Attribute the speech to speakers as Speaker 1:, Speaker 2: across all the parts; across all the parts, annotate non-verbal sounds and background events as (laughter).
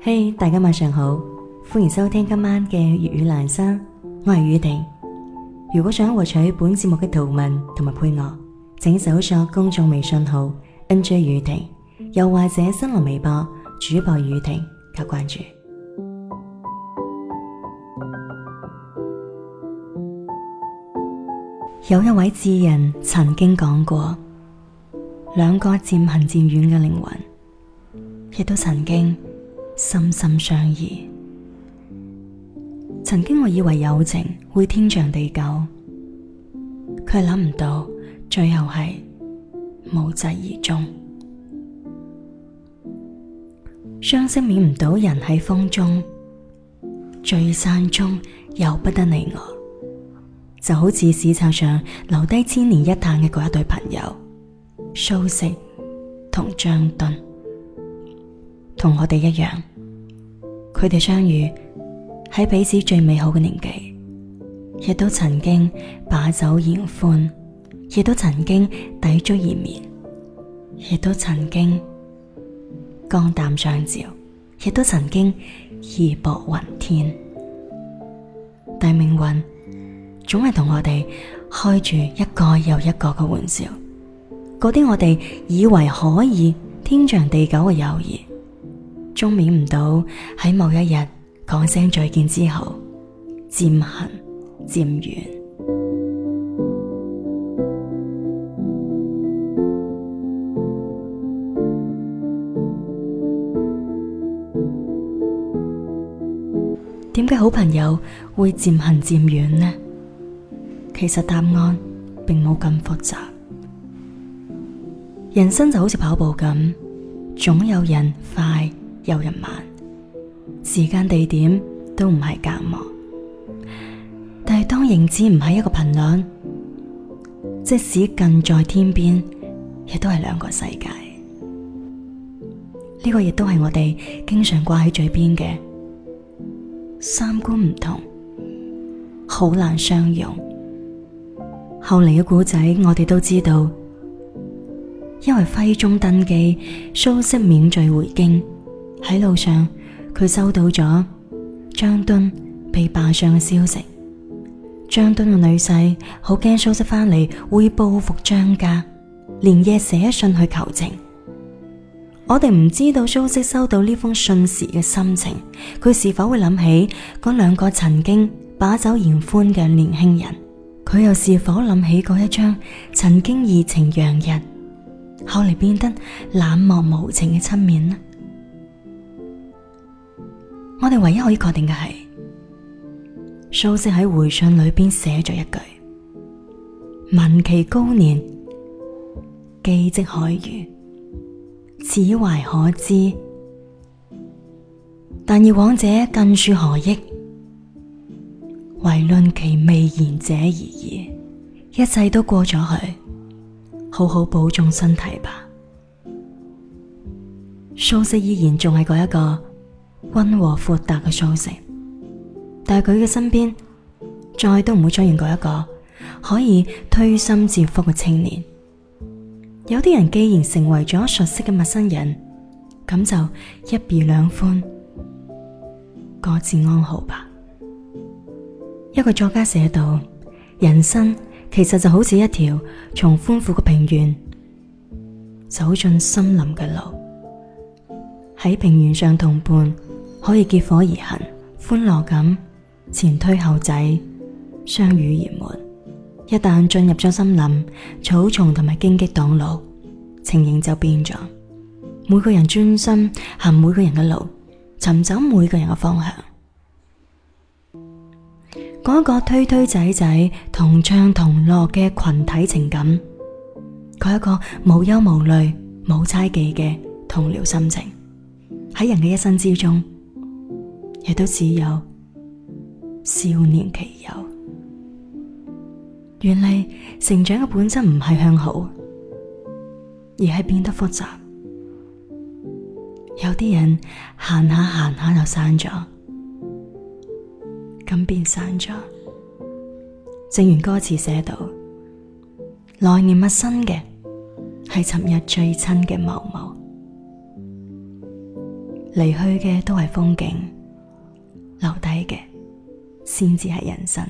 Speaker 1: 嘿，hey, 大家晚上好，歡迎收聽今晚嘅粵語朗聲，我係宇婷。如果想獲取本節目嘅圖文同埋配樂，請搜索公眾微信號 NJ 宇婷，又或者新浪微博主播宇婷加關注。 (music) 有一位哲人曾經講過。兩個漸行漸遠嘅靈魂，亦都曾經深深相依。曾經我以為友情會天長地久，卻諗唔到最後係無疾而終。相識免唔到人喺風中，聚散終由不得你我，就好似史冊上留低千年一嘆嘅嗰一對朋友。蘇軾同章惇，同我哋一樣，佢哋相遇喺彼此最美好嘅年紀，亦都曾經把酒言歡，亦都曾經抵足而眠，亦都曾經肝膽相照，亦都曾經義薄雲天，但命運總係同我哋開住一個又一個嘅玩笑。嗰啲我哋以為可以天長地久嘅友誼，終免唔到喺某一日講聲再見之後，漸行漸遠。點解 (music) 好朋友會漸行漸遠呢？其實答案並冇咁複雜。人生就好似跑步咁，總有人快，有人慢，時間地點都唔係隔膜，但係當認知唔喺一個頻率，即使近在天邊，亦都係兩個世界。呢個亦都係我哋經常掛喺嘴邊嘅，三觀唔同，好難相容。後嚟嘅古仔，我哋都知道。因為徽宗登基，蘇軾免罪回京，喺路上，佢收到咗章惇被罷相嘅消息。章惇嘅女婿好驚蘇軾翻嚟會報復章家，連夜寫信去求情。我哋唔知道蘇軾收到呢封信時嘅心情，佢是否會諗起嗰兩個曾經把酒言歡嘅年輕人？佢又是否諗起嗰一張曾經熱情洋人？後嚟變得冷漠無情嘅親面呢？我哋唯一可以確定嘅係，蘇軾喺回信裏邊寫咗一句：聞其高年，寄跡海隅，此懷可知。但以往者更說何益？唯論其未言者而已。一切都過咗去。好好保重身體吧。蘇軾依然仲係嗰一個温和豁達嘅蘇軾，但係佢嘅身邊再都唔會出現嗰一個可以推心置腹嘅青年。有啲人既然成為咗熟悉嘅陌生人，咁就一別兩寬，各自安好吧。一個作家寫到：人生。其實就好似一條從寬闊嘅平原走進森林嘅路，喺平原上，同伴可以結伙而行，歡樂咁前推後擠，相濡以沫；一旦進入咗森林，草叢同埋荊棘擋路，情形就變咗，每個人專心行每個人嘅路，尋找每個人嘅方向。講一個推推仔仔同唱同樂嘅群體情感，佢係一個無憂無慮、冇猜忌嘅同僚心情，喺人嘅一生之中，亦都只有少年期有。原嚟成長嘅本質唔係向好，而係變得複雜。有啲人行下行下就散咗。咁變散咗，正如歌詞寫到：來年陌生嘅，係尋日最親嘅某某；離去嘅都係風景，留低嘅先至係人生。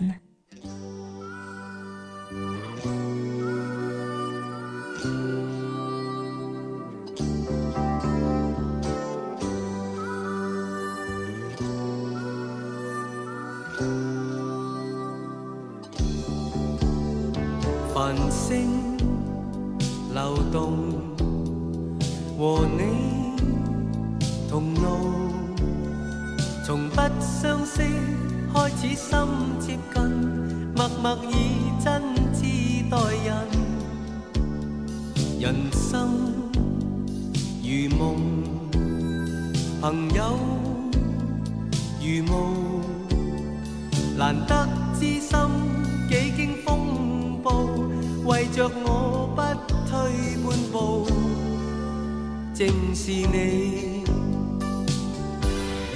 Speaker 2: 人聲流動，和你同路，從不相識開始心接近，默默以真摯待人。人生如夢，朋友如霧，難得知心。着我不退半步，正是你。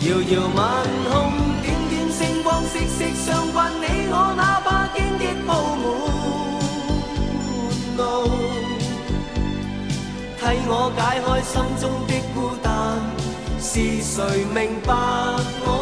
Speaker 1: 遙遙晚
Speaker 2: 空，點點星光，息息相關。你我哪怕荊棘布滿路，替我解開心中的孤單。是誰明白我？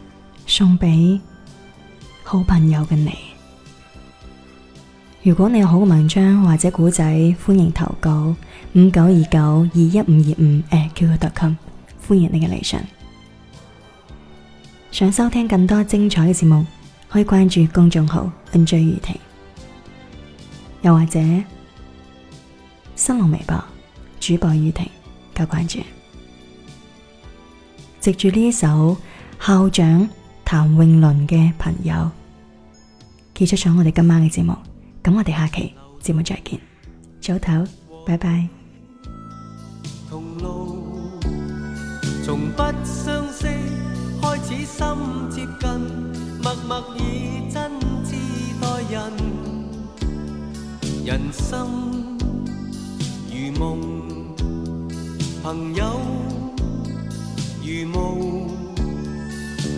Speaker 1: 送俾好朋友嘅你。如果你有好嘅文章或者古仔，歡迎投稿五九二九二一五二五 @QQ.com，歡迎你嘅嚟信。想收聽更多精彩嘅節目，可以關注公眾號 NJ 宇婷，又或者新浪微博主播宇婷加關注。藉住呢一首校長。譚詠麟嘅朋友，結束咗我哋今晚嘅節目，咁我哋下期節目再見，早唞，拜拜。同
Speaker 2: 路，從不相識開始心接近，默默以真摯待人。人生如夢，朋友如霧。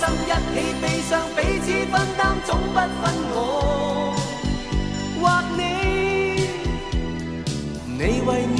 Speaker 2: 心一起，悲傷彼此分擔，總不分我或你，你為。